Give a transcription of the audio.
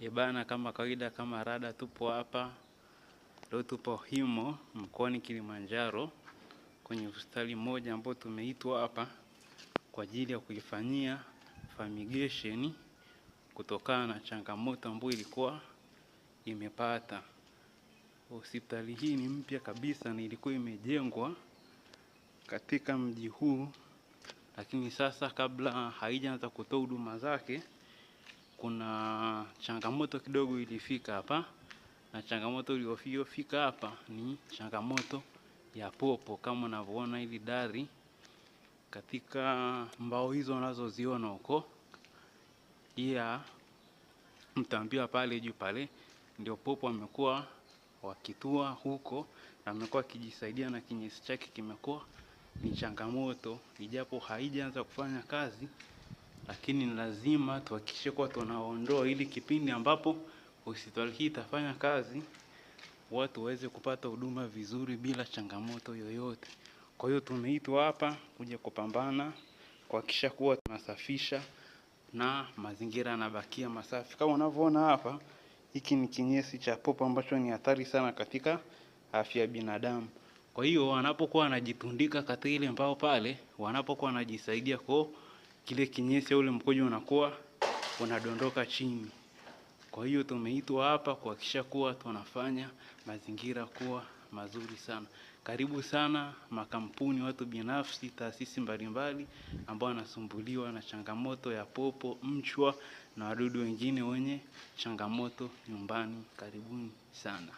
ibana kama kawaida, kama rada, tupo hapa leo, tupo Himo mkoani Kilimanjaro kwenye hospitali moja ambayo tumeitwa hapa kwa ajili ya kuifanyia fumigation kutokana na changamoto ambayo ilikuwa imepata. Hospitali hii ni mpya kabisa na ilikuwa imejengwa katika mji huu, lakini sasa kabla haijaanza kutoa huduma zake kuna changamoto kidogo ilifika hapa, na changamoto iliyofika hapa ni changamoto ya popo, kama unavyoona hili dari katika mbao hizo unazoziona huko, iya mtambiwa pale juu pale, ndio popo amekuwa wakitua huko na amekuwa akijisaidia na kinyesi chake kimekuwa ni changamoto, ijapo haijaanza kufanya kazi lakini ni lazima tuhakikishe kuwa tunaondoa ili kipindi ambapo hospitali hii itafanya kazi watu waweze kupata huduma vizuri bila changamoto yoyote. Kwa hiyo tumeitwa hapa kuja kupambana kuhakikisha kuwa tunasafisha na mazingira yanabakia masafi. Kama unavyoona hapa, hiki ni kinyesi cha popo ambacho ni hatari sana katika afya ya binadamu. Kwa hiyo wanapokuwa wanajitundika katika ile mbao pale, wanapokuwa wanajisaidia kwao kile kinyesi ule mkojo unakuwa unadondoka chini. Kwa hiyo tumeitwa hapa kuhakikisha kuwa tunafanya mazingira kuwa mazuri sana. Karibu sana makampuni, watu binafsi, taasisi mbalimbali ambao wanasumbuliwa na changamoto ya popo, mchwa na wadudu wengine wenye changamoto nyumbani. Karibuni sana.